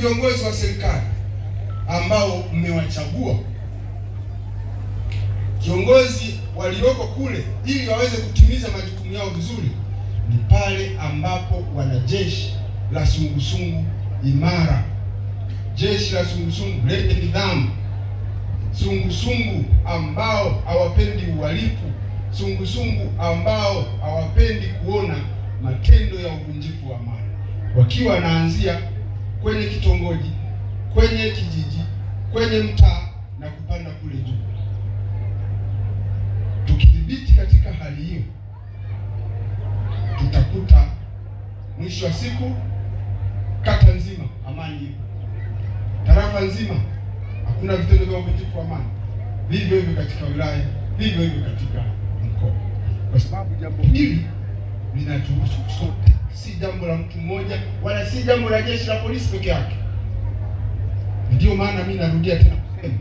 viongozi wa serikali ambao mmewachagua viongozi walioko kule, ili waweze kutimiza majukumu yao vizuri, ni pale ambapo wana jeshi la sungusungu imara, jeshi la sungusungu lenye nidhamu, sungusungu ambao hawapendi uhalifu, sungusungu ambao hawapendi kuona matendo ya uvunjifu wa amani, wakiwa wanaanzia kwenye kitongoji, kwenye kijiji, kwenye mtaa na kupanda kule juu. Tukidhibiti katika hali hiyo, tutakuta mwisho wa siku kata nzima amani ipo, tarafa nzima hakuna vitendo vya uvunjifu wa amani. Vivyo hivyo katika wilaya, vivyo hivyo katika mkoa, kwa sababu jambo hili linatuhusu sote si jambo la mtu mmoja, wala si jambo la jeshi la polisi peke yake. Ndio maana mimi narudia tena kusema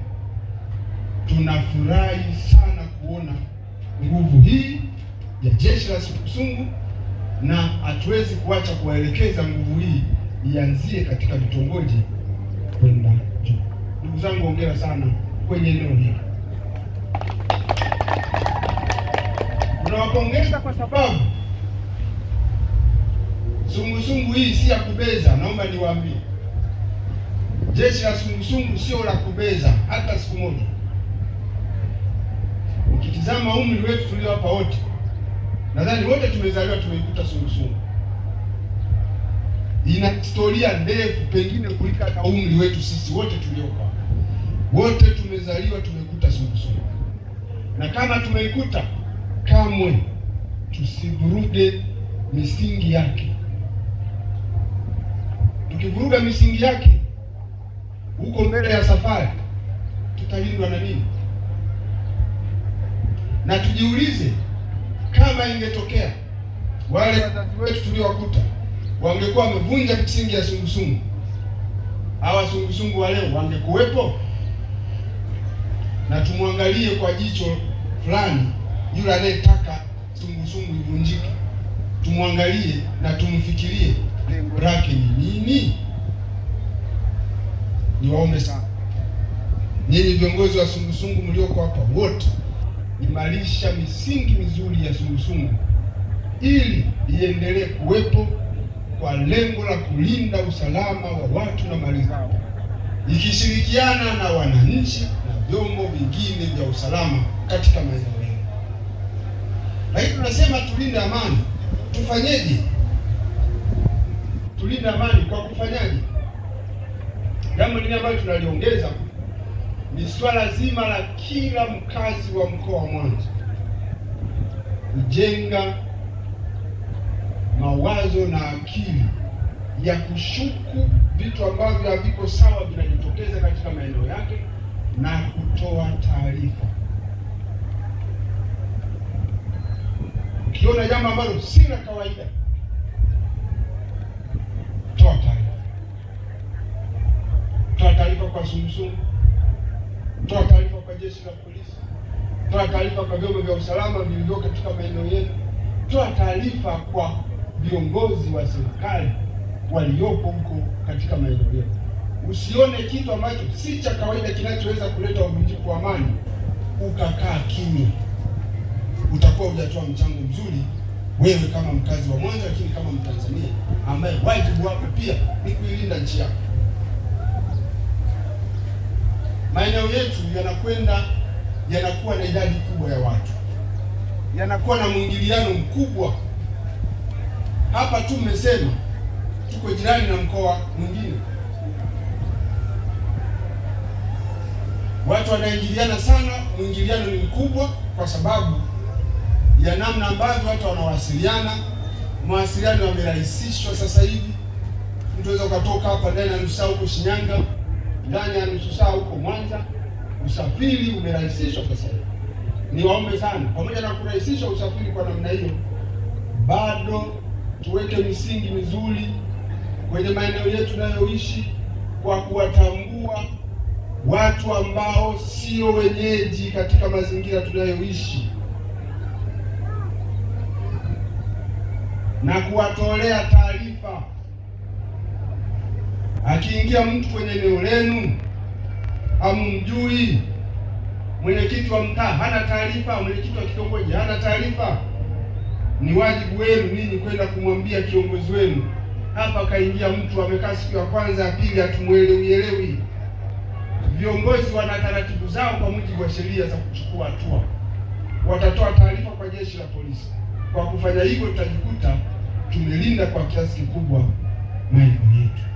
tunafurahi sana kuona nguvu hii ya jeshi la sungusungu, na hatuwezi kuacha kuwaelekeza nguvu hii ianzie katika vitongoji kwenda juu. Ndugu zangu, hongera sana kwenye eneo hili. Tunawapongeza kwa sababu Sungusungu hii si ya kubeza, naomba niwaambie. Jeshi la sungusungu sio la kubeza hata siku moja. Ukitizama umri wetu tulio hapa wote, nadhani wote tumezaliwa tumeikuta sungusungu. Ina historia ndefu, pengine kuliko hata umri wetu sisi wote tuliopa, wote tumezaliwa tumekuta sungusungu, na kama tumeikuta, kamwe tusivurude misingi yake. Tukivuruga misingi yake huko mbele ya safari, tutalindwa na nini? Na tujiulize kama ingetokea wale wazazi wetu tuliowakuta wangekuwa wamevunja misingi ya sungusungu, hawa sungusungu wa leo wangekuwepo? Na tumwangalie kwa jicho fulani yule anayetaka sungusungu ivunjike, tumwangalie na tumfikirie lengo lake ni nini? Niwaombe sana nyinyi viongozi wa sungusungu mlioko hapa wote, imarisha misingi mizuri ya sungusungu ili iendelee kuwepo kwa lengo la kulinda usalama wa watu na mali zao, ikishirikiana na wananchi na vyombo vingine vya usalama katika maeneo yenu. Lakini tunasema tulinde amani, tufanyeje? kutulinda amani kwa kufanyaje? Jambo lingine ambalo tunaliongeza ni swala zima la kila mkazi wa mkoa wa Mwanza kujenga mawazo na akili ya kushuku vitu ambavyo haviko sawa vinajitokeza katika maeneo yake na kutoa taarifa. Ukiona jambo ambalo si la kawaida kwa sulusumu, toa taarifa kwa jeshi la polisi, toa taarifa kwa vyombo vya usalama vilivyo katika maeneo yenu, toa taarifa kwa viongozi wa serikali waliopo huko katika maeneo yenu. Usione kitu ambacho si cha kawaida kinachoweza kuleta uvunjifu wa amani ukakaa kimya. Utakuwa hujatoa mchango mzuri wewe kama mkazi wa Mwanza, lakini kama Mtanzania ambaye wajibu wako pia ni kuilinda nchi yako maeneo yetu yanakwenda yanakuwa na idadi kubwa ya watu, yanakuwa na mwingiliano mkubwa. Hapa tu mmesema tuko jirani na mkoa mwingine, watu wanaingiliana sana, mwingiliano ni mkubwa kwa sababu ya namna ambavyo watu wanawasiliana. Mawasiliano yamerahisishwa sasa hivi, mtu aweza ukatoka hapa ndani ya nusu saa huko Shinyanga ndani ya nusu saa huko Mwanza. Usafiri umerahisishwa sasa hivi. Niwaombe sana, pamoja na kurahisisha usafiri kwa namna hiyo, bado tuweke misingi mizuri kwenye maeneo yetu tunayoishi kwa kuwatambua watu ambao sio wenyeji katika mazingira tunayoishi na kuwatolea taarifa. Akiingia mtu kwenye eneo lenu hamjui, mwenyekiti wa mtaa hana taarifa, mwenyekiti wa kitongoji hana taarifa, ni wajibu wenu ninyi kwenda kumwambia kiongozi wenu, hapa kaingia mtu amekaa siku ya kwanza ya pili, hatumuelewielewi. Viongozi wana taratibu zao kwa mujibu wa sheria za kuchukua hatua, watatoa taarifa kwa jeshi la polisi. Kwa kufanya hivyo, tutajikuta tumelinda kwa kiasi kikubwa maeneo yetu.